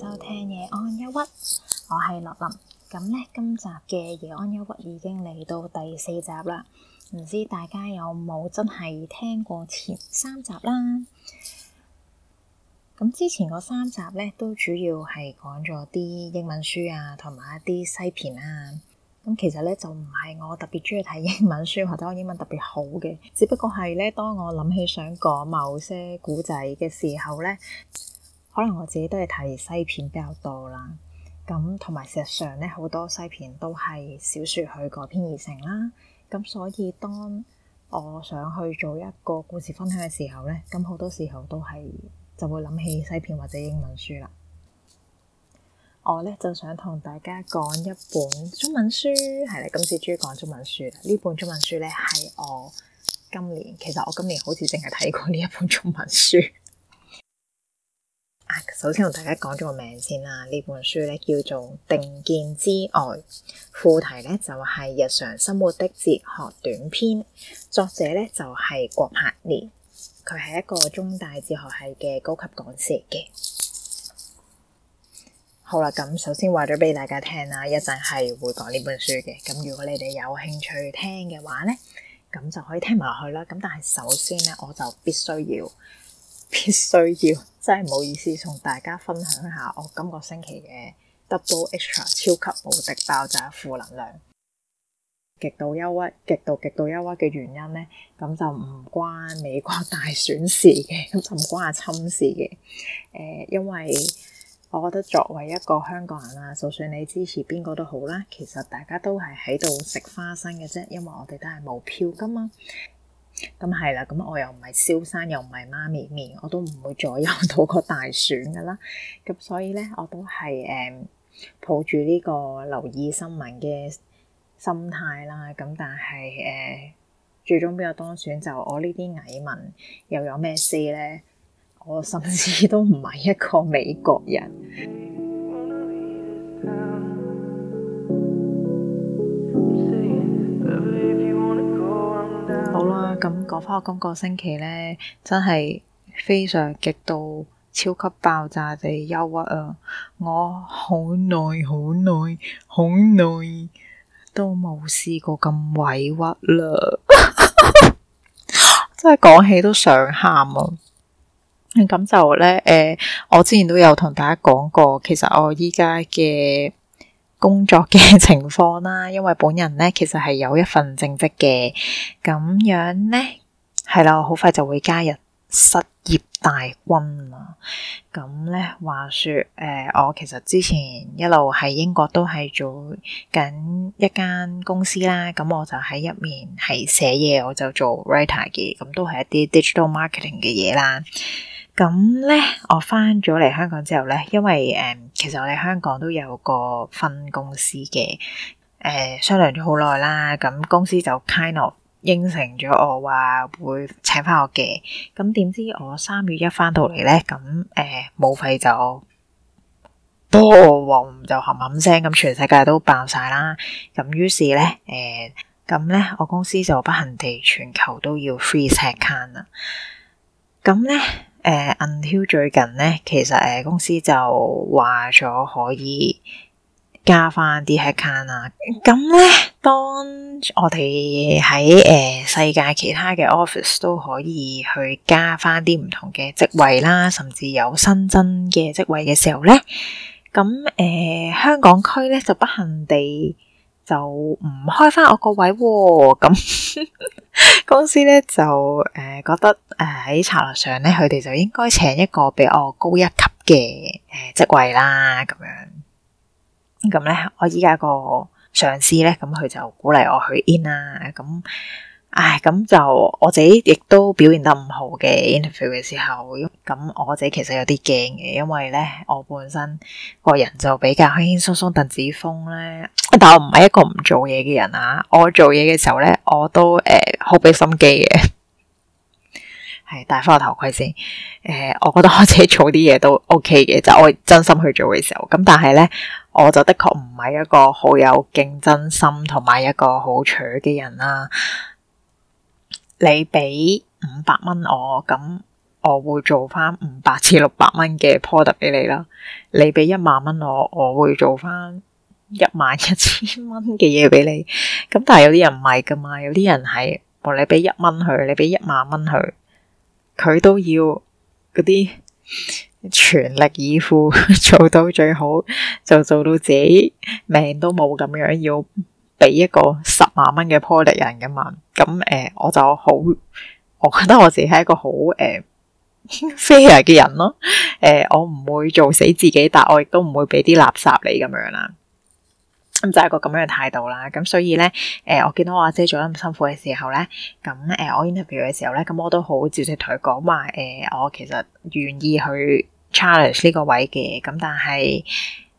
收聽夜安憂鬱，我係樂林。咁咧，今集嘅夜安憂鬱已經嚟到第四集啦。唔知大家有冇真係聽過前三集啦？咁之前嗰三集咧，都主要係講咗啲英文書啊，同埋一啲西片啊。咁其實咧，就唔係我特別中意睇英文書，或者我英文特別好嘅。只不過係咧，當我諗起想講某些古仔嘅時候咧。可能我自己都係睇西片比較多啦，咁同埋事實上咧，好多西片都係小說去改編而成啦。咁所以當我想去做一個故事分享嘅時候咧，咁好多時候都係就會諗起西片或者英文書啦。我咧就想同大家講一本中文書，係啦，今次終於講中文書啦。呢本中文書咧係我今年，其實我今年好似淨係睇過呢一本中文書。首先同大家講咗個名先啦，呢本書咧，叫做《定見之外》，副題咧就係、是《日常生活的哲學短篇》，作者咧就係郭柏年，佢係一個中大哲學系嘅高級講師嚟嘅。好啦，咁首先話咗俾大家聽啦，一陣係會講呢本書嘅。咁如果你哋有興趣聽嘅話咧，咁就可以聽埋落去啦。咁但係首先咧，我就必須要。必須要真係唔好意思，同大家分享下我今個星期嘅 Double Extra 超級無敵爆炸負能量，極度憂鬱，極度極度憂鬱嘅原因呢，咁就唔關美國大選事嘅，咁就唔關阿侵事嘅。誒、呃，因為我覺得作為一個香港人啦，就算你支持邊個都好啦，其實大家都係喺度食花生嘅啫，因為我哋都係冇票噶嘛。咁係啦，咁、嗯、我又唔係蕭生，又唔係媽咪麵，我都唔會左右到個大選噶啦。咁所以咧，我都係誒、嗯，抱住呢個留意新聞嘅心態啦。咁但係誒、嗯，最終邊個當選就是，我呢啲蟻民又有咩事 a 咧？我甚至都唔係一個美國人。咁講翻我今個星期呢，真係非常極度超級爆炸地憂鬱啊！我好耐好耐好耐都冇試過咁委屈啦， 真係講起都想喊啊！咁就呢，誒、呃，我之前都有同大家講過，其實我依家嘅。工作嘅情況啦，因為本人咧其實係有一份正職嘅，咁樣呢，係啦，好快就會加入失業大軍啊！咁咧話說，誒、呃，我其實之前一路喺英國都係做緊一間公司啦，咁我就喺入面係寫嘢，我就做 writer 嘅，咁都係一啲 digital marketing 嘅嘢啦。咁呢，我翻咗嚟香港之後呢，因為誒、呃，其實我哋香港都有個分公司嘅，誒、呃，商量咗好耐啦。咁公司就 kind of 應承咗我話會請翻我嘅。咁點知我三月一翻到嚟呢，咁誒冇費就 boom 就冚冚聲咁，全世界都爆晒啦。咁於是呢，誒、嗯，咁呢我公司就不幸地全球都要 freeze headcount 啦。咁呢。誒、uh,，until 最近呢，其實誒公司就話咗可以加翻啲 headcount 啊。咁咧，當我哋喺誒世界其他嘅 office 都可以去加翻啲唔同嘅職位啦，甚至有新增嘅職位嘅時候咧，咁誒、uh, 香港區咧就不幸地。就唔開翻我個位喎，咁公司咧就誒、呃、覺得誒喺策略上咧，佢哋就應該請一個比我高一級嘅誒職位啦，咁樣咁咧，我依家個上司咧，咁佢就鼓勵我去 in 啦，咁。唉，咁就我自己亦都表現得唔好嘅 interview 嘅時候，咁我自己其實有啲驚嘅，因為呢，我本身個人就比較輕輕鬆鬆鄧子峰呢，但我唔係一個唔做嘢嘅人啊，我做嘢嘅時候呢，我都誒好俾心機嘅，係、呃、 戴翻個頭盔先。誒、呃，我覺得我自己做啲嘢都 OK 嘅，就係、我真心去做嘅時候，咁但係呢，我就的確唔係一個好有競爭心同埋一個好取嘅人啦、啊。你俾五百蚊我，咁我會做翻五百至六百蚊嘅 product 俾你啦。你俾一萬蚊我，我會做翻一萬一千蚊嘅嘢俾你。咁但係有啲人唔係噶嘛，有啲人係，你俾一蚊佢，你俾一萬蚊佢，佢都要嗰啲全力以赴做到最好，就做到自己命都冇咁樣要。俾一個十萬蚊嘅 pole 人嘅嘛，咁誒、呃，我就好，我覺得我自己係一個好誒 fair 嘅人咯，誒、呃，我唔會做死自己，但我亦都唔會俾啲垃圾你咁樣啦，咁就係一個咁樣嘅態度啦。咁所以呢，誒、呃，我見到我阿姐做得咁辛苦嘅時候呢，咁誒、呃，我 interview 嘅時候呢，咁我都好直接同佢講話，誒、呃，我其實願意去 challenge 呢個位嘅，咁但係。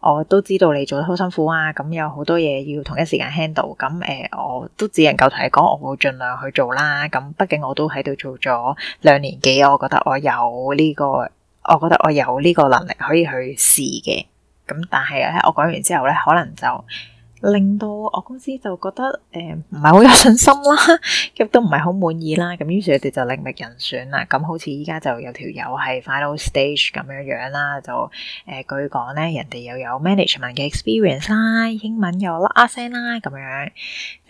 我都知道你做得好辛苦啊，咁有好多嘢要同一時間 handle，咁誒、呃，我都只能夠同你講，我會盡量去做啦、啊。咁畢竟我都喺度做咗兩年幾，我覺得我有呢個，我覺得我有呢個能力可以去試嘅。咁但係咧，我講完之後咧，可能就。令到我公司就覺得誒唔係好有信心啦，亦都唔係好滿意啦。咁於是佢哋就另覓人選啦。咁好似依家就有條友係 final stage 咁樣樣啦，就誒、呃、據講咧，人哋又有 management 嘅 experience 啦，英文又拉聲啦咁樣。唉、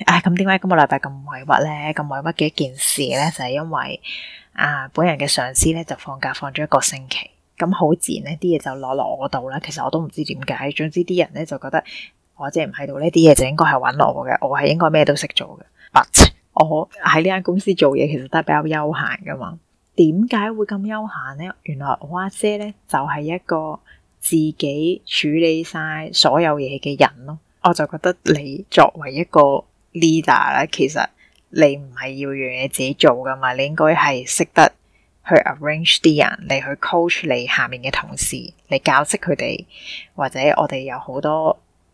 哎，咁點解今個禮拜咁委屈咧？咁委屈嘅一件事咧，就係、是、因為啊，本人嘅上司咧就放假放咗一個星期，咁好自然呢啲嘢就攞落我度啦。其實我都唔知點解，總之啲人咧就覺得。我姐唔喺度呢啲嘢就應該係揾我嘅，我係應該咩都識做嘅。But 我喺呢間公司做嘢其實都係比較悠閒嘅嘛，點解會咁悠閒咧？原來我阿姐咧就係一個自己處理晒所有嘢嘅人咯。我就覺得你作為一個 leader 咧，其實你唔係要讓你自己做嘅嘛，你應該係識得去 arrange 啲人，你去 coach 你下面嘅同事，你教識佢哋，或者我哋有好多。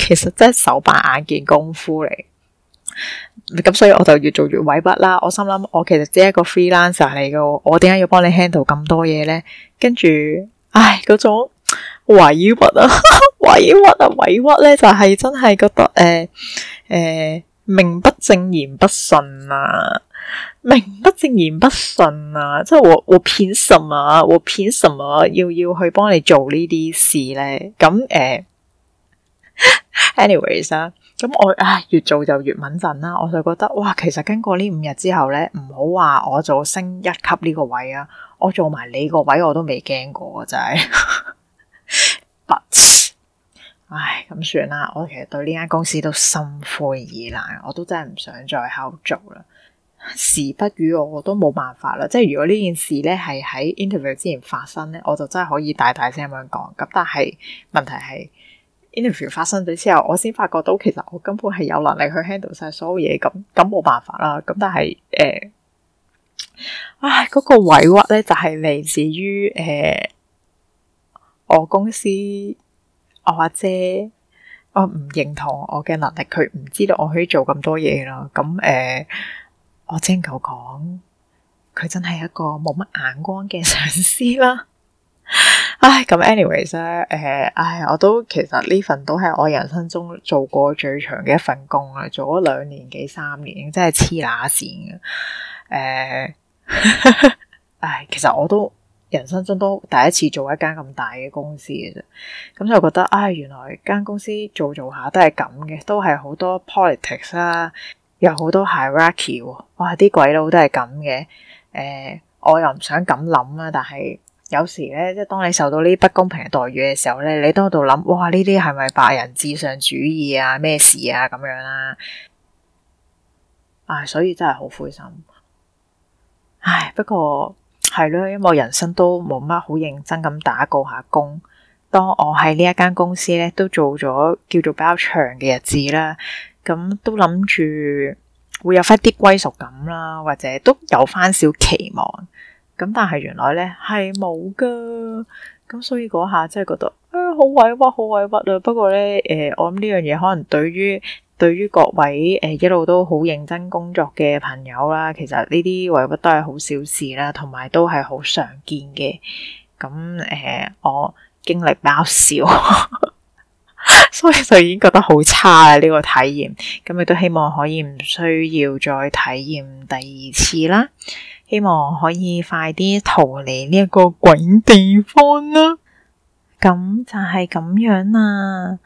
其實真係手把眼見功夫嚟，咁所以我就越做越委屈啦。我心諗，我其實只係一個 freelancer 嚟嘅，我點解要幫你 handle 咁多嘢呢？跟住，唉，嗰種委屈啊，哈哈，委屈啊，委屈咧，就係、是、真係覺得誒誒、呃呃，名不正言不順啊，名不正言不順啊，即係我我偏什麼，我偏什麼要，要要去幫你做呢啲事呢。咁誒。呃 Anyways 啦，咁我唉越做就越穩陣啦。我就覺得哇，其實經過呢五日之後咧，唔好話我做升一級呢個位啊，我做埋你個位我都未驚過，真係。But，唉咁算啦，我其實對呢間公司都心灰意冷，我都真係唔想再喺度做啦。時不與我，我都冇辦法啦。即係如果呢件事咧係喺 interview 之前發生咧，我就真係可以大大聲咁樣講。咁但係問題係。interview 發生咗之後，我先發覺到其實我根本係有能力去 handle 晒所有嘢，咁咁冇辦法啦。咁但係誒，唉，嗰個委屈咧就係嚟自於誒我公司我阿姐，我唔認同我嘅能力，佢唔知道我可以做咁多嘢啦。咁誒，我正夠講，佢真係一個冇乜眼光嘅上司啦。唉，咁，anyways 咧，誒，唉，我都其實呢份都係我人生中做過最長嘅一份工啦，做咗兩年幾三年，真係黐乸線嘅。誒， 唉，其實我都人生中都第一次做一間咁大嘅公司嘅啫，咁就覺得，唉，原來間公司做做下都係咁嘅，都係好多 politics 啦，有好多 hierarchy，哇，啲鬼佬都係咁嘅。誒，我又唔想咁諗啦，但係。有時咧，即係當你受到呢不公平嘅待遇嘅時候咧，你都喺度諗，哇，呢啲係咪白人至上主義啊？咩事啊？咁樣啦，啊，唉，所以真係好灰心。唉，不過係咯，因為人生都冇乜好認真咁打過下工。當我喺呢一間公司咧，都做咗叫做比較長嘅日子啦，咁都諗住會有翻啲歸屬感啦，或者都有翻少期望。咁但係原來咧係冇㗎，咁所以嗰下真係覺得啊、哎、好委屈，好委屈啊！不過咧，誒、呃，我諗呢樣嘢可能對於對於各位誒、呃、一路都好認真工作嘅朋友啦，其實呢啲委屈都係好小事啦，同埋都係好常見嘅。咁誒、呃，我經歷比較少， 所以就已經覺得好差啊！呢、呢個體驗，咁亦都希望可以唔需要再體驗第二次啦。希望可以快啲逃離呢一個鬼地方啦！咁就係咁樣啦。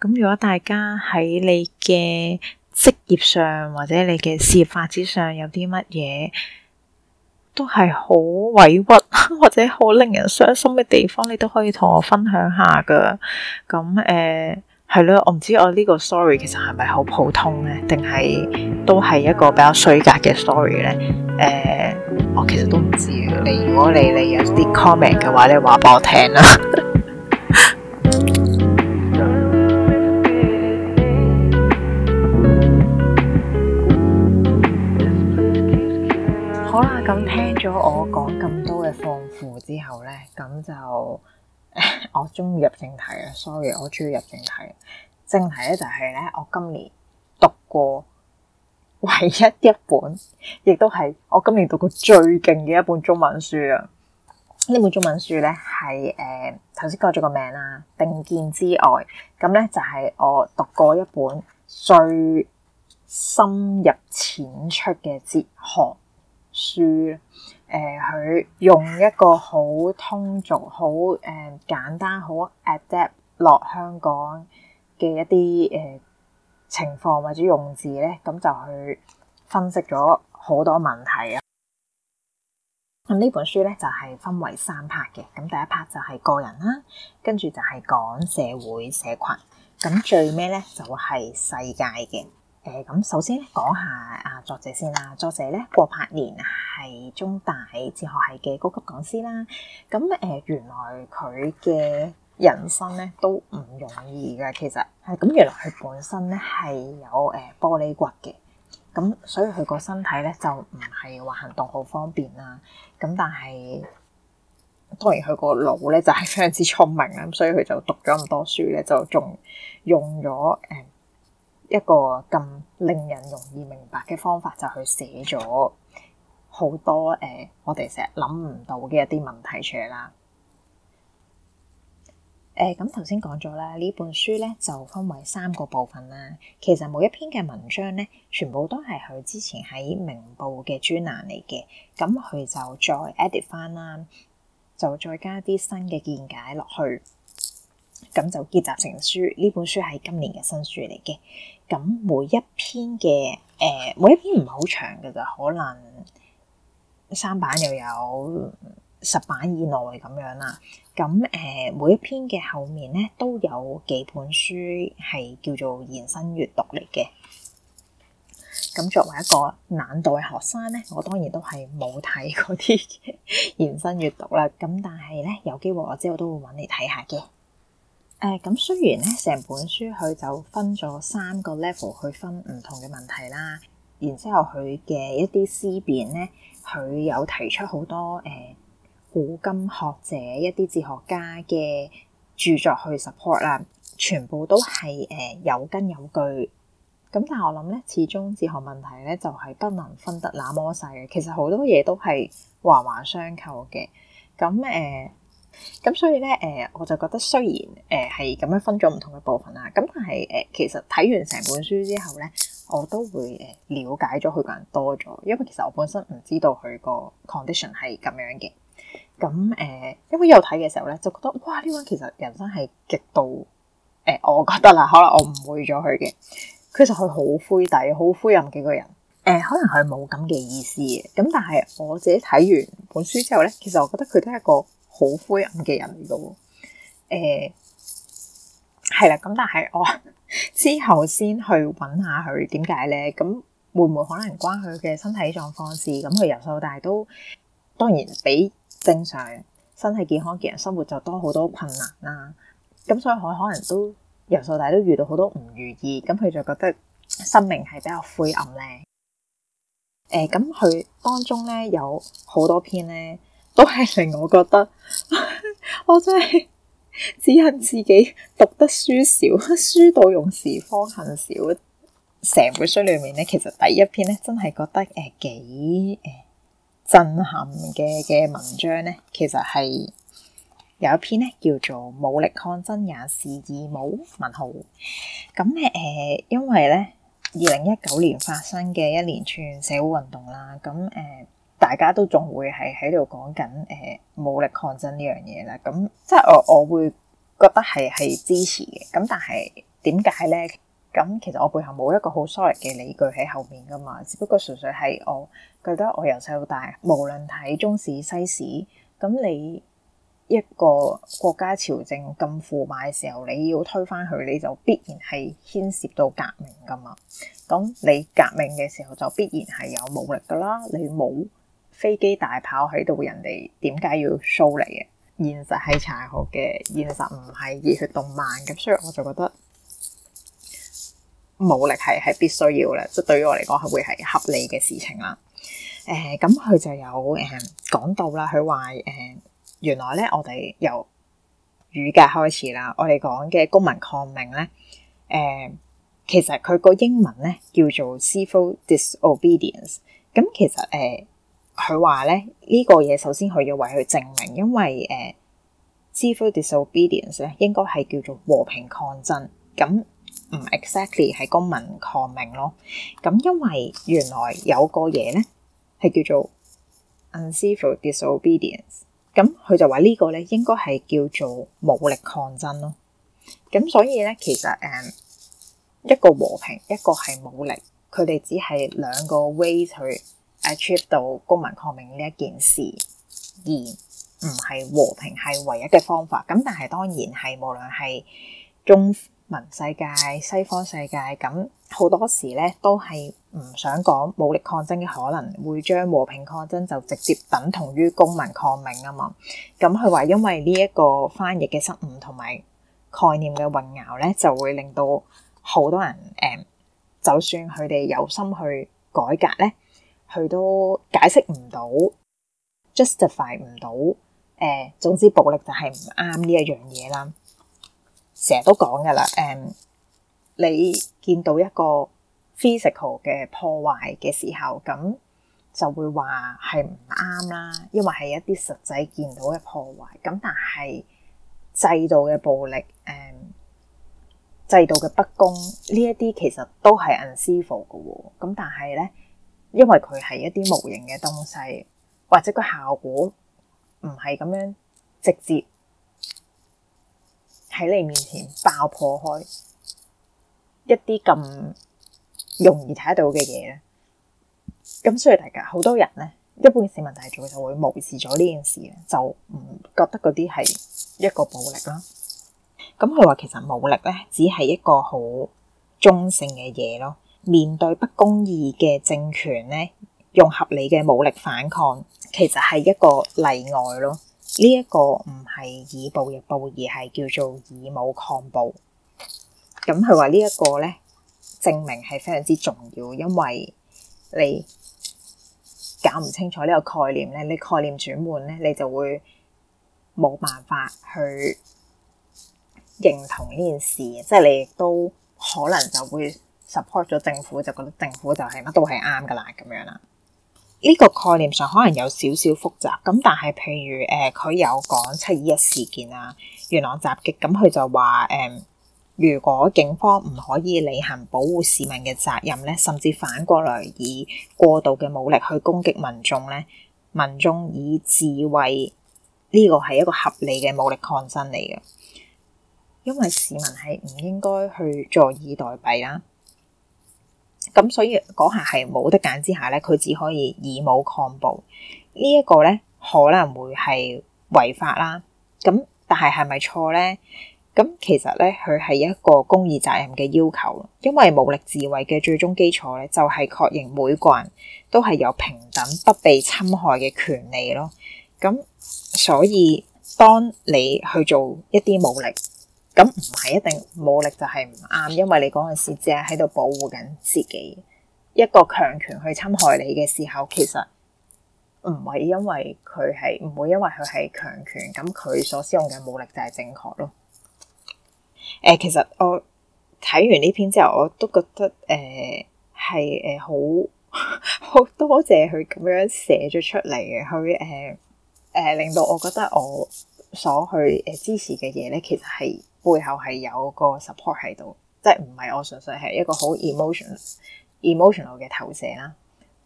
咁如果大家喺你嘅職業上或者你嘅事業發展上有啲乜嘢，都係好委屈或者好令人傷心嘅地方，你都可以同我分享下㗎。咁誒。呃係咯，我唔知我呢個 story 其實係咪好普通呢？定係都係一個比較衰格嘅 story 呢？誒、嗯，我其實都唔知。你如果你有你有啲 comment 嘅話，你話畀我聽啦。 好啦，咁聽咗我講咁多嘅放負之後呢，咁就。 我中意入正題啊！Sorry，我中意入正題。正題咧就係咧，我今年讀過唯一一本，亦都係我今年讀過最勁嘅一本中文書啊！呢本中文書咧係誒，頭先、呃、改咗個名啊，《定見之外》。咁咧就係我讀過一本最深入淺出嘅哲學書。誒佢、呃、用一個好通俗、好誒、呃、簡單、好 adapt 落香港嘅一啲誒、呃、情況或者用字咧，咁、嗯、就去分析咗好多問題啊！咁呢、嗯、本書咧就係、是、分為三 part 嘅，咁第一 part 就係個人啦，跟住就係講社會社群。咁最尾咧就係、是、世界嘅。誒，咁、嗯、首先咧講下啊作者先啦，作者咧郭柏年係中大哲學系嘅高級講師啦。咁、嗯、誒、嗯，原來佢嘅人生咧都唔容易㗎，其實係咁、嗯。原來佢本身咧係有誒玻璃骨嘅，咁、嗯、所以佢個身體咧就唔係話行動好方便啦。咁、嗯、但係當然佢個腦咧就係非常之聰明啦，咁所以佢就讀咗咁多書咧，就仲用咗誒。嗯一個咁令人容易明白嘅方法就寫，就去寫咗好多誒，我哋成日諗唔到嘅一啲問題出嚟啦。誒、呃，咁頭先講咗啦，呢本書咧就分為三個部分啦。其實每一篇嘅文章咧，全部都係佢之前喺明報嘅專欄嚟嘅，咁佢就再 edit 翻啦，就再加啲新嘅見解落去，咁就結集成書。呢本書係今年嘅新書嚟嘅。咁每一篇嘅誒、呃，每一篇唔係好長㗎咋，可能三版又有十版以內咁樣啦。咁、呃、誒，每一篇嘅後面咧都有幾本書係叫做延伸閱讀嚟嘅。咁作為一個懶惰嘅學生咧，我當然都係冇睇嗰啲嘅延伸閱讀啦。咁但係咧有機會我之後都會揾你睇下嘅。誒，咁、呃、雖然咧，成本書佢就分咗三個 level 去分唔同嘅問題啦，然之後佢嘅一啲思辨咧，佢有提出好多誒、呃，古今學者一啲哲學家嘅著作去 support 啦，全部都係誒、呃、有根有據。咁但係我諗咧，始終哲學問題咧就係、是、不能分得那麼細嘅，其實好多嘢都係環環相扣嘅。咁誒、呃咁所以咧，誒、呃、我就覺得雖然誒係咁樣分咗唔同嘅部分啦，咁但係誒、呃、其實睇完成本書之後咧，我都會誒了解咗佢個人多咗，因為其實我本身唔知道佢個 condition 係咁樣嘅。咁誒、呃，因為有睇嘅時候咧，就覺得哇，呢個人其實人生係極度誒、呃，我覺得啦、呃，可能我誤會咗佢嘅。其實佢好灰底，好灰暗嘅個人誒，可能佢冇咁嘅意思嘅。咁但係我自己睇完本書之後咧，其實我覺得佢都係一個好灰暗嘅人嚟噶，誒、欸，係啦，咁但係我 之後先去搵下佢點解咧？咁會唔會可能關佢嘅身體狀況事？咁佢由細到大都當然比正常身體健康嘅人生活就多好多困難啦。咁所以佢可能都由細到大都遇到好多唔如意，咁佢就覺得生命係比較灰暗咧。誒、欸，咁佢當中咧，有好多篇咧。都係令我覺得，我真係只恨自己讀得書少，書到用時方恨少。成本書裏面咧，其實第一篇咧，真係覺得誒幾誒震撼嘅嘅文章咧，其實係有一篇咧叫做《武力抗爭也是義務》，文豪。咁咧誒，因為咧二零一九年發生嘅一連串社會運動啦，咁誒。呃大家都仲會係喺度講緊誒武力抗爭呢樣嘢啦，咁即係我我會覺得係係支持嘅。咁但係點解咧？咁其實我背後冇一個好 solid 嘅理據喺後面噶嘛，只不過純粹係我覺得我由細到大，無論睇中史西史，咁你一個國家朝政咁腐敗嘅時候，你要推翻佢，你就必然係牽涉到革命噶嘛。咁你革命嘅時候就必然係有武力噶啦，你冇，飛機大炮喺度，人哋點解要 show 你嘅？現實係殘酷嘅，現實唔係熱血動漫咁，所以我就覺得武力係係必須要咧，即對於我嚟講係會係合理嘅事情啦。誒、呃，咁佢就有誒講、呃、到啦，佢話誒原來咧，我哋由乳格開始啦，我哋講嘅公民抗命咧，誒、呃、其實佢個英文咧叫做 civil disobedience，咁其實誒。呃佢話咧呢個嘢首先佢要為佢證明，因為誒、uh,，civil disobedience 咧應該係叫做和平抗爭，咁唔 exactly 係公民抗命咯。咁因為原來有個嘢咧係叫做 uncivil disobedience，咁佢就話呢個咧應該係叫做武力抗爭咯。咁所以咧其實誒、uh, 一個和平，一個係武力，佢哋只係兩個 ways 去。Achieve 到公民抗命呢一件事，而唔係和平係唯一嘅方法。咁但係當然係無論係中文世界、西方世界，咁好多時咧都係唔想講武力抗爭嘅可能會將和平抗爭就直接等同於公民抗命啊嘛。咁佢話因為呢一個翻譯嘅失誤同埋概念嘅混淆咧，就會令到好多人誒，嗯，就算佢哋有心去改革咧。佢都解釋唔到，justify 唔到。誒、呃，總之暴力就係唔啱呢一樣嘢啦。成日都講㗎喇，誒、嗯，你見到一個 physical 嘅破壞嘅時候，咁就會話係唔啱啦，因為係一啲實際見到嘅破壞。咁但係制度嘅暴力，誒、嗯，制度嘅不公呢一啲其實都係 unseeable 嘅喎。咁但係咧。因為佢係一啲模型嘅東西，或者個效果唔係咁樣直接喺你面前爆破開一啲咁容易睇得到嘅嘢咧，咁所以大家好多人咧，一般市民大眾就會無視咗呢件事嘅，就唔覺得嗰啲係一個武力咯。咁佢話其實武力咧，只係一個好中性嘅嘢咯。面對不公義嘅政權咧，用合理嘅武力反抗，其實係一個例外咯。呢一個唔係以暴易暴，而係叫做以武抗暴。咁佢話呢一個咧，證明係非常之重要，因為你搞唔清楚呢個概念咧，你概念轉換咧，你就會冇辦法去認同呢件事，即係你亦都可能就會。support 咗政府就覺得政府就係乜都係啱㗎啦咁樣啦。呢、這個概念上可能有少少複雜，咁但係譬如誒佢、呃、有講七二一事件啊、元朗襲擊，咁佢就話誒、呃，如果警方唔可以履行保護市民嘅責任咧，甚至反過來以過度嘅武力去攻擊民眾咧，民眾以自衛呢個係一個合理嘅武力抗爭嚟嘅，因為市民係唔應該去坐以待斃啦。咁所以嗰下係冇得揀之下咧，佢只可以以武抗暴。這個、呢一個咧可能會係違法啦。咁但係係咪錯咧？咁其實咧佢係一個公義責任嘅要求，因為武力自衛嘅最終基礎咧就係、是、確認每個人都係有平等不被侵害嘅權利咯。咁所以當你去做一啲武力，咁唔係一定武力就係唔啱，因為你嗰陣時只係喺度保護緊自己。一個強權去侵害你嘅時候，其實唔係因為佢係唔會因為佢係強權咁佢所使用嘅武力就係正確咯。誒、呃，其實我睇完呢篇之後，我都覺得誒係誒好好多謝佢咁樣寫咗出嚟嘅，佢誒誒令到我覺得我所去誒支持嘅嘢咧，其實係。背後係有個 support 喺度，即係唔係我純粹係一個好 em emotional、emotional 嘅投射啦。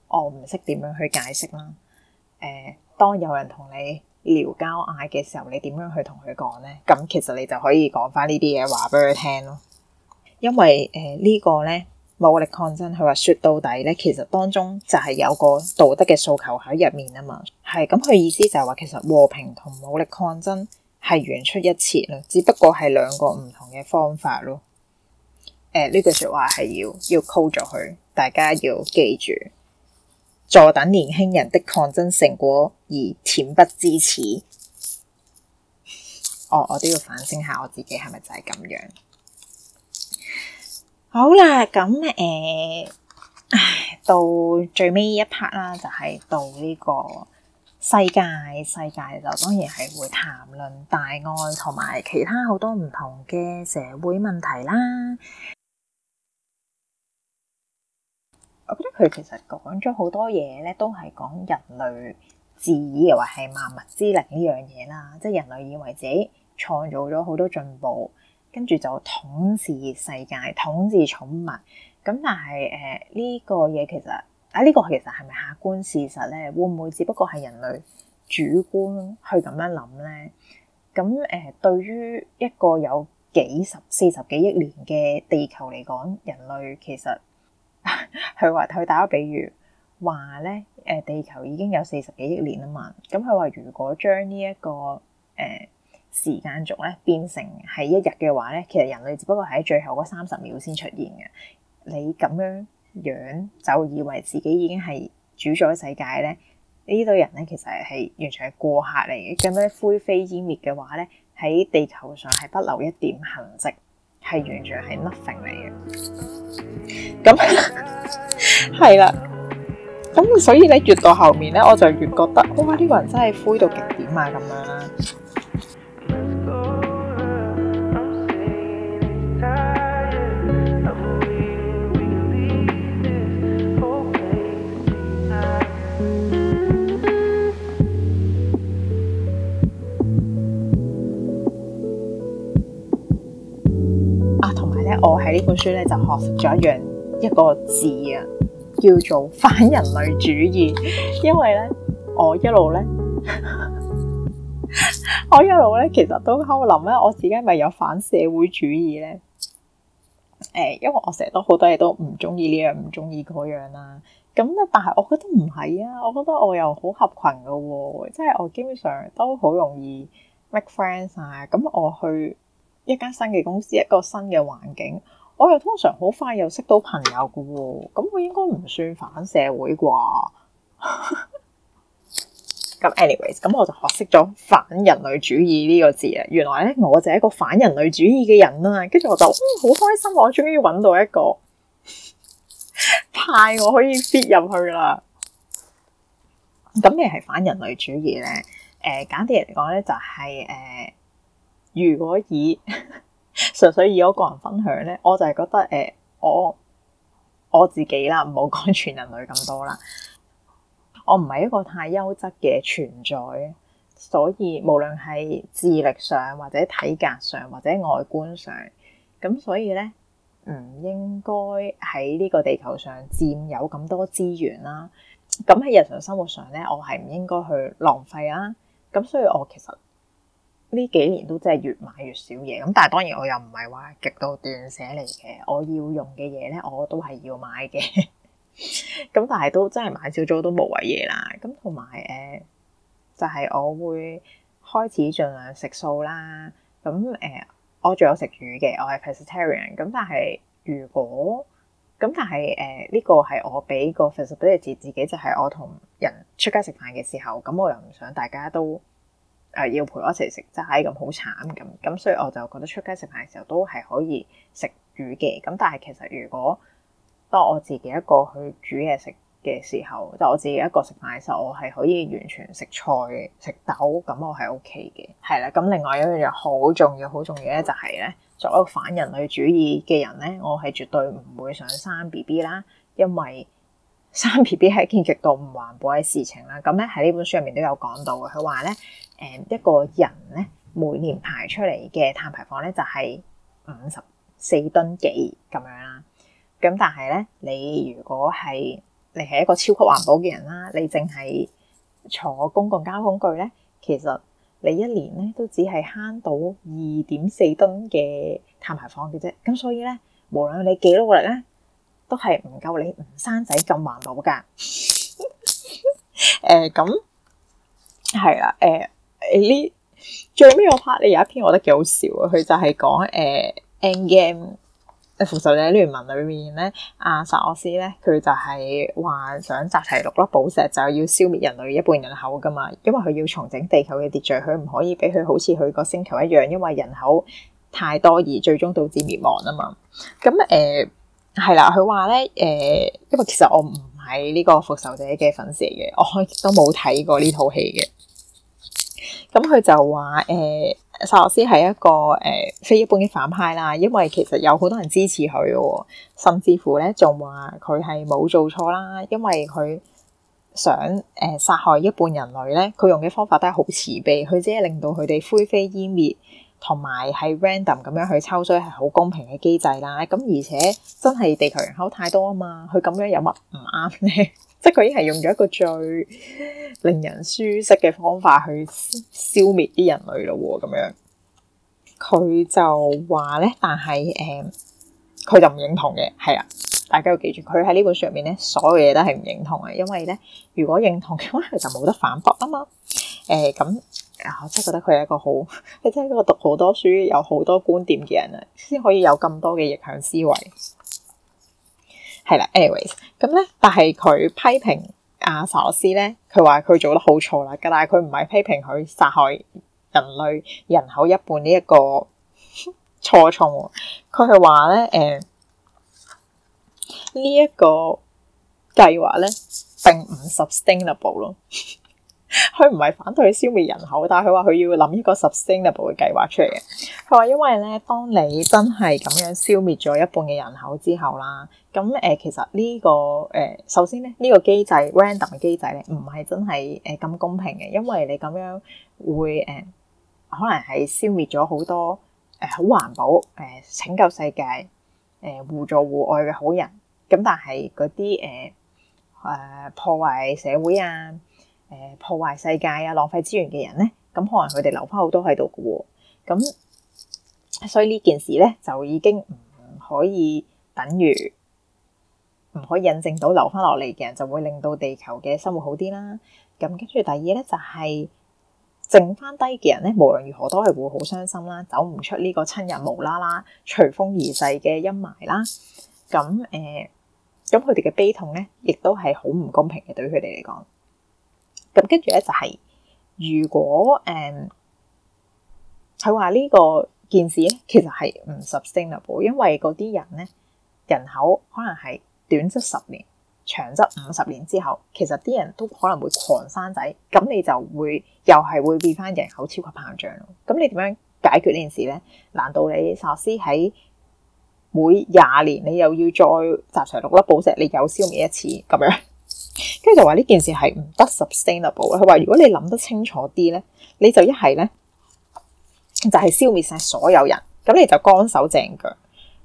我唔識點樣去解釋啦。誒、呃，當有人同你聊交嗌嘅時候，你點樣去同佢講呢？咁其實你就可以講返呢啲嘢話俾佢聽咯。因為誒呢、呃呢個呢，武力抗爭，佢話說到底呢，其實當中就係有個道德嘅訴求喺入面啊嘛。係咁，佢意思就係話其實和平同武力抗爭。係完出一次咯，只不過係兩個唔同嘅方法咯。誒、呃，呢句說話係要要 call 咗佢，大家要記住，坐等年輕人的抗爭成果而恬不知恥、哦。我我都要反省下我自己係咪就係咁樣。好啦，咁誒、呃，到最尾一 part 啦，就係、是、到呢、這個。世界世界就當然係會談論大愛同埋其他好多唔同嘅社會問題啦。 我覺得佢其實講咗好多嘢咧，都係講人類自以為係萬物之靈呢樣嘢啦，即係人類以為自己創造咗好多進步，跟住就統治世界、統治寵物。咁但係誒，呢個嘢其實啊！呢，這個其實係咪客觀事實咧？會唔會只不過係人類主觀去咁樣諗咧？咁誒、呃，對於一個有幾十、四十幾億年嘅地球嚟講，人類其實佢話佢打個比喻，話咧誒，地球已經有四十幾億年啊嘛。咁佢話如果將、這個呃、呢一個誒時間軸咧變成係一日嘅話咧，其實人類只不過喺最後嗰三十秒先出現嘅。你咁樣樣就以為自己已經係主宰世界咧？呢對人呢，其實係完全係過客嚟嘅。咁樣灰飛煙滅嘅話呢，喺地球上係不留一點痕跡，係完全係 nothing 嚟嘅。咁係啦，咁所以咧，越到後面呢，我就越覺得哇，呢個人真係灰到極點啊！咁樣。我喺呢本書咧就學識咗一樣一個字啊，叫做反人類主義。 因為咧，我一路咧， 我一路咧，其實都喺度諗咧，我自己係咪有反社會主義咧？誒、欸，因為我成日都好多嘢都唔中意呢樣唔中意嗰樣啦。咁咧，但係我覺得唔係啊，我覺得我又好合群噶、啊，即、就、係、是、我基本上都好容易 make friends 啊。咁我去，一間新嘅公司，一個新嘅環境，我又通常好快又識到朋友嘅喎，咁我應該唔算反社會啩？咁 anyways，咁我就學識咗反人類主義呢個字啊！原來咧，我就係一個反人類主義嘅人啦。跟住我就，嗯、哦，好開心，我終於揾到一個 派我可以 fit 入去啦。咁咩係反人類主義咧？誒、呃，簡啲嚟講咧，就係誒。如果以純粹以我個人分享咧，我就係覺得誒、呃，我我自己啦，唔好講全人類咁多啦。我唔係一個太優質嘅存在，所以無論係智力上或者體格上或者外觀上，咁所以咧唔應該喺呢個地球上佔有咁多資源啦。咁喺日常生活上咧，我係唔應該去浪費啦。咁所以我其實。呢幾年都真係越買越少嘢，咁但係當然我又唔係話極度斷捨離嘅，我要用嘅嘢咧我都係要買嘅，咁 但係都真係買少咗都冇謂嘢啦。咁同埋誒，就係、是、我會開始儘量食素啦。咁誒、呃，我仲有食魚嘅，我係 pescatarian 咁但係如果咁，但係誒呢個係我俾個 feasibility 自己，就係、是、我同人出街食飯嘅時候，咁我又唔想大家都。誒、呃、要陪我一齊食齋咁好慘咁，咁所以我就覺得出街食飯嘅時候都係可以食魚嘅。咁但係其實如果當我自己一個去煮嘢食嘅時候，就我自己一個食飯嘅時候，我係可以完全食菜食豆咁，我係 O K 嘅。係啦，咁另外一樣嘢好重要、好重要咧、就是，就係咧，作為反人類主義嘅人咧，我係絕對唔會想生 B B 啦，因為生 B B 係一件極度唔環保嘅事情啦。咁咧喺呢本書入面都有講到嘅，佢話咧。誒一個人咧，每年排出嚟嘅碳排放咧就係五十四噸幾咁樣啦。咁但係咧，你如果係你係一個超級環保嘅人啦，你淨係坐公共交通工具咧，其實你一年咧都只係慳到二點四噸嘅碳排放嘅啫。咁所以咧，無論你幾努力咧，都係唔夠你唔生仔咁環保㗎。誒咁係啦，誒。誒，呢最尾我拍你有一篇，我覺得幾好笑啊！佢就係講誒《Endgame》誒《復仇者聯盟》裏面咧，阿沙俄斯咧，佢就係話想集齊六粒寶石，就要消滅人類一半人口噶嘛，因為佢要重整地球嘅秩序，佢唔可以俾佢好似佢個星球一樣，因為人口太多而最終導致滅亡啊嘛。咁誒係啦，佢話咧誒，因為其實我唔係呢個《復仇者》嘅粉絲嘅，我都冇睇過呢套戲嘅。咁佢就話誒，薩洛斯係一個誒非一般嘅反派啦，因為其實有好多人支持佢，啊，甚至乎咧仲話佢係冇做錯啦，因為佢想誒殺害一半人類咧，佢用嘅方法都係好慈悲，佢只係令到佢哋灰飛煙滅，同埋係 random 咁樣去抽水係好公平嘅機制啦。咁而且真係地球人口太多啊嘛，佢咁樣有乜唔啱咧？ 即係佢已經係用咗一個最令人舒適嘅方法去消滅啲人類咯，咁樣佢就話咧，但係誒，佢、嗯、就唔認同嘅，係啊，大家要記住，佢喺呢本書入面咧，所有嘢都係唔認同嘅，因為咧，如果認同嘅話，佢就冇得反駁啊嘛。誒，咁我真係覺得佢係一個好，即係一個讀好多書、有好多觀點嘅人啊，先可以有咁多嘅逆向思維。係啦，anyways，咁咧，但係佢批評阿薩洛斯咧，佢話佢做得好錯啦，但係佢唔係批評佢殺害人類人口一半、這個、錯錯呢一個錯錯，佢係話咧，誒，呢一個計劃咧，並唔 sustainable 咯。佢唔係反對消滅人口，但係佢話佢要諗呢個 sustainable 嘅計劃出嚟嘅。佢話因為咧，當你真係咁樣消滅咗一半嘅人口之後啦，咁誒、呃、其實呢、呢個誒、呃、首先咧呢、呢個機制 random 嘅機制咧，唔係真係誒咁公平嘅，因為你咁樣會誒、呃、可能係消滅咗好多誒好、呃、環保誒、呃、拯救世界誒、呃、互助互愛嘅好人，咁但係嗰啲誒誒破壞社會啊～誒破壞世界啊，浪費資源嘅人咧，咁可能佢哋留翻好多喺度㗎喎。咁所以呢件事咧，就已經唔可以等於唔可以印證到留翻落嚟嘅人就會令到地球嘅生活好啲啦。咁跟住第二咧，就係、係、剩翻低嘅人咧，無論如何都係會好傷心啦，走唔出呢個親人無啦啦隨風而逝嘅陰霾啦。咁誒咁佢哋嘅悲痛咧，亦都係好唔公平嘅，對佢哋嚟講。咁跟住咧就係、是，如果誒佢話呢個件事咧，其實係唔 sustainable，因為嗰啲人咧，人口可能係短則十年、長則五十年之後，其實啲人都可能會狂生仔，咁你就會又係會變翻人口超級膨脹。咁你點樣解決呢件事咧？難道你 Thanos 喺每廿年你又要再集齊六粒寶石，你又消滅一次咁樣？跟住就話呢件事係唔得 sustainable，佢話如果你諗得清楚啲咧，你就一係咧就係、是、消滅晒所有人，咁你就乾手淨腳；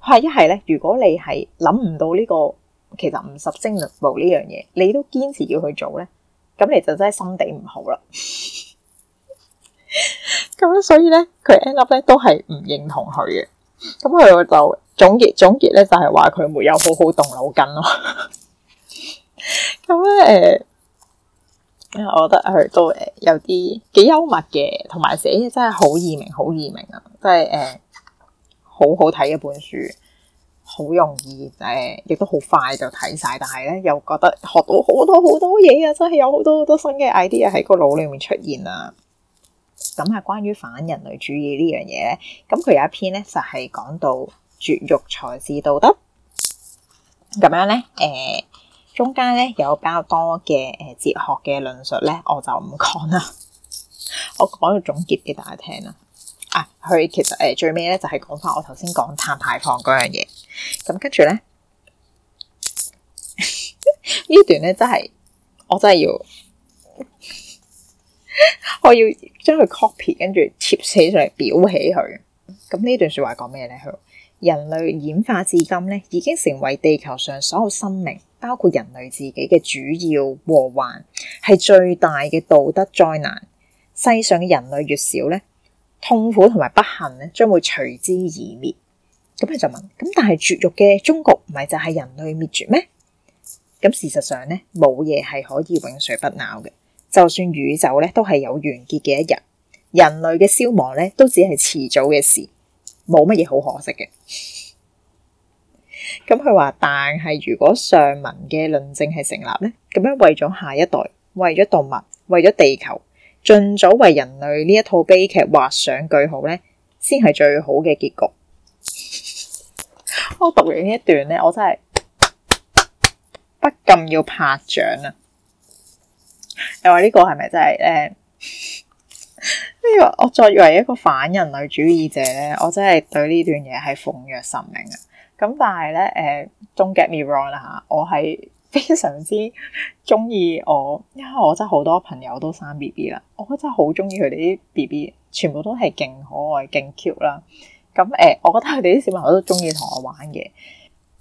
佢話一係咧，如果你係諗唔到呢、這個其實唔 sustainable 呢樣嘢，你都堅持要去做咧，咁你就真係心地唔好啦。咁 所以咧，佢 end up 咧都係唔認同佢嘅。咁佢就總結總結咧，就係話佢沒有好好動腦筋咯。 咁咧，誒，因、欸、為我覺得佢都誒有啲幾幽默嘅，同埋寫嘢真係好易明，欸，好易明啊，真係誒好好睇一本書，好容易誒，亦都好快就睇晒。但係咧，又覺得學到好多好多嘢啊，真係有好多好多新嘅 idea 喺個腦裏面出現啊。咁、嗯、啊，嗯嗯、關於反人類主義呢樣嘢咧，咁、嗯、佢有一篇咧就係講到絕育才是道德咁樣咧，誒、欸。中間咧有比較多嘅誒哲學嘅論述咧，我就唔講啦。我講個總結俾大家聽啦。啊，佢其實誒、呃、最尾咧就係講翻我頭先講碳排放嗰樣嘢。咁跟住咧呢 段咧真係我真係要 我要將佢 copy 跟住貼死上嚟表起佢。咁、嗯、呢段說話講咩咧？佢人類演化至今咧，已經成為地球上所有生命。包括人類自己嘅主要禍患，係最大嘅道德災難。世上嘅人類越少咧，痛苦同埋不幸咧，將會隨之而滅。咁佢就問：咁但係絕育嘅終局，唔係就係人類滅絕咩？咁事實上咧，冇嘢係可以永垂不朽嘅。就算宇宙咧都係有完結嘅一日，人類嘅消亡咧都只係遲早嘅事，冇乜嘢好可惜嘅。咁佢話，但係如果上文嘅論證係成立呢，咁樣為咗下一代、為咗動物、為咗地球，盡早為人類呢一套悲劇畫上句號呢，先係最好嘅結局。我讀完呢一段呢，我真係不禁要拍掌啊！又話呢個係咪真係誒？呢個我作為一個反人類主義者咧，我真係對呢段嘢係奉若神明啊！咁但係咧，誒、呃，don't get me wrong 啦嚇，我係非常之中意我，因為我真係好多朋友都生 B B 啦，我覺得真係好中意佢哋啲 B B，全部都係勁可愛、勁 cute 啦。咁、嗯、誒、呃，我覺得佢哋啲小朋友都中意同我玩嘅，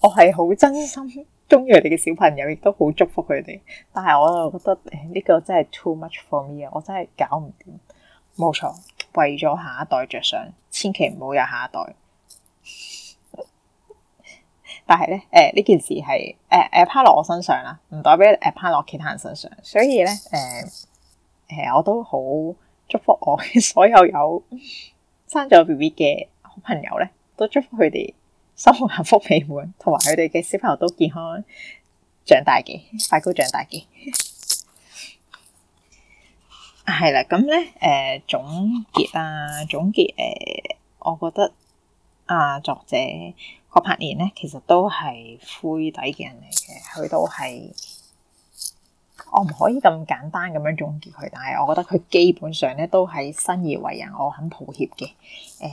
我係好真心中意佢哋嘅小朋友，亦都好祝福佢哋。但係我就覺得誒，呢個真係 too much for me 啊，我真係搞唔掂。冇錯，為咗下一代着想，千祈唔好有下一代。但係咧，誒、哎、呢件事係誒誒趴落我身上啦，唔代表誒趴落其他人身上，所以咧誒誒我都好祝福我所有有生咗 B B 嘅好朋友咧，都祝福佢哋生活幸福美滿，同埋佢哋嘅小朋友都健康長大嘅，快高長大嘅。係 啦、啊，咁咧誒總結啊，總結誒、呃，我覺得啊作者。個柏年咧，其實都係灰底嘅人嚟嘅，佢都係我唔可以咁簡單咁樣總結佢，但係我覺得佢基本上咧都係生而為人，我很抱歉嘅。誒、呃，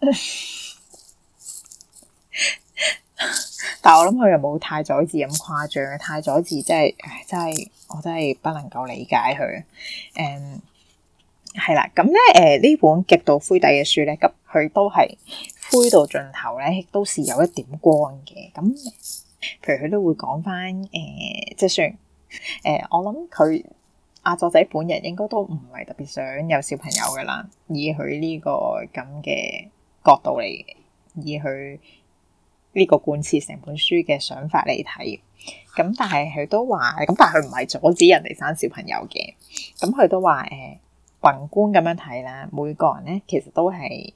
但係我諗佢又冇太宰治咁誇張，太宰治即係，真係我真係不能夠理解佢。誒、嗯。係啦，咁咧誒，呢、嗯、本極度灰底嘅書咧，咁佢都係灰到盡頭咧，都是有一點光嘅。咁、嗯，譬如佢都會講翻誒，即係算誒、呃，我諗佢阿作者本人應該都唔係特別想有小朋友噶啦，以佢呢、這個咁嘅角度嚟，以佢呢個貫徹成本書嘅想法嚟睇。咁但係佢都話咁，但係佢唔係阻止人哋生小朋友嘅。咁、嗯、佢都話誒。呃宏觀咁樣睇啦，每個人咧其實都係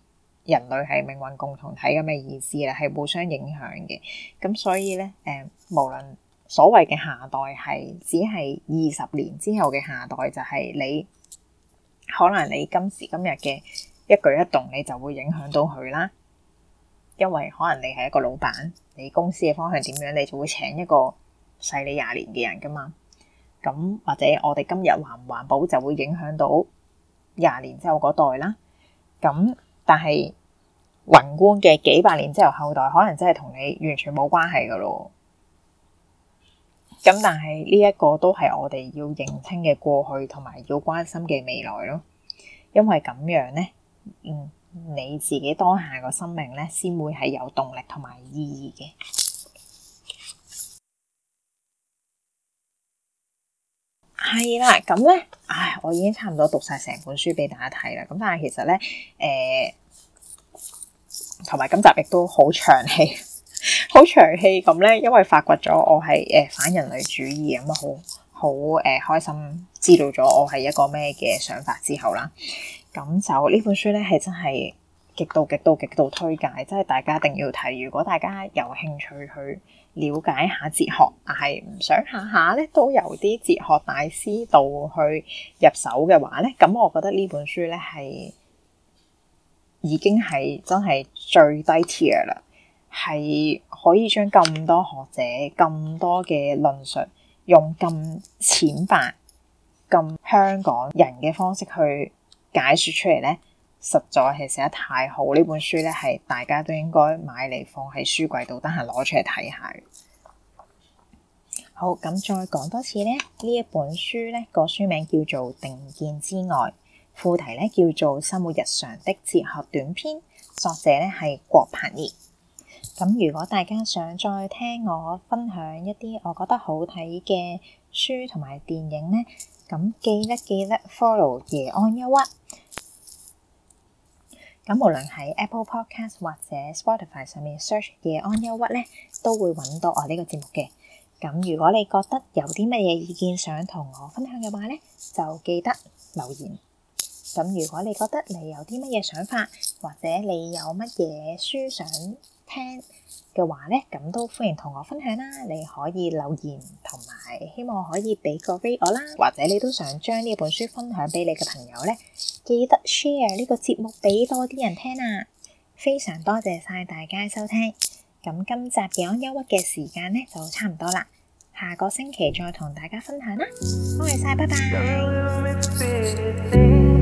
人類係命運共同體咁嘅意思啦，係互相影響嘅。咁所以咧，誒，無論所謂嘅下代係只係二十年之後嘅下代，就係你可能你今時今日嘅一舉一動，你就會影響到佢啦。因為可能你係一個老闆，你公司嘅方向點樣，你就會請一個細你廿年嘅人噶嘛。咁或者我哋今日環唔環保，就會影響到。廿年之後嗰代啦，咁但係宏觀嘅幾百年之後後代，可能真係同你完全冇關係㗎咯。咁但係呢一個都係我哋要認清嘅過去，同埋要關心嘅未來咯。因為咁樣咧，嗯，你自己當下個生命咧，先會係有動力同埋意義嘅。係啦，咁咧，唉，我已經差唔多讀晒成本書俾大家睇啦。咁但係其實咧，誒、呃，同埋今集亦都好長氣，好 長氣。咁咧，因為發掘咗我係誒、呃、反人類主義咁啊，好、嗯，好誒、呃、開心，知道咗我係一個咩嘅想法之後啦。咁就呢本書咧，係真係。極度、極度、極度推介，即係大家一定要睇。如果大家有興趣去了解下哲學，但係唔想下下咧都由啲哲學大師度去入手嘅話咧，咁我覺得呢本書咧係已經係真係最低 tier 啦，係可以將咁多學者、咁多嘅論述，用咁淺白、咁香港人嘅方式去解説出嚟咧。實在係寫得太好，呢本書咧係大家都應該買嚟，放喺書櫃度，等下攞出嚟睇下。好，咁再講多次呢。呢一本書咧個書名叫做《定見之外》，副題咧叫做《生活日常的哲學短篇》，作者咧係郭柏葉。咁如果大家想再聽我分享一啲我覺得好睇嘅書同埋電影咧，咁記得記得 follow 夜安一屈。咁，無論喺 Apple Podcast 或者 Spotify 上面 search 嘅夜安憂鬱咧，都會揾到我呢個節目嘅。咁如果你覺得有啲乜嘢意見想同我分享嘅話咧，就記得留言。咁如果你覺得你有啲乜嘢想法，或者你有乜嘢書想聽嘅話咧，咁都歡迎同我分享啦。你可以留言同埋，希望可以俾個 rate 我啦。或者你都想將呢本書分享俾你嘅朋友咧，記得 share 呢個節目俾多啲人聽啊！非常多謝曬大家收聽。咁今集講憂鬱嘅時間咧就差唔多啦，下個星期再同大家分享啦。多謝曬，拜拜。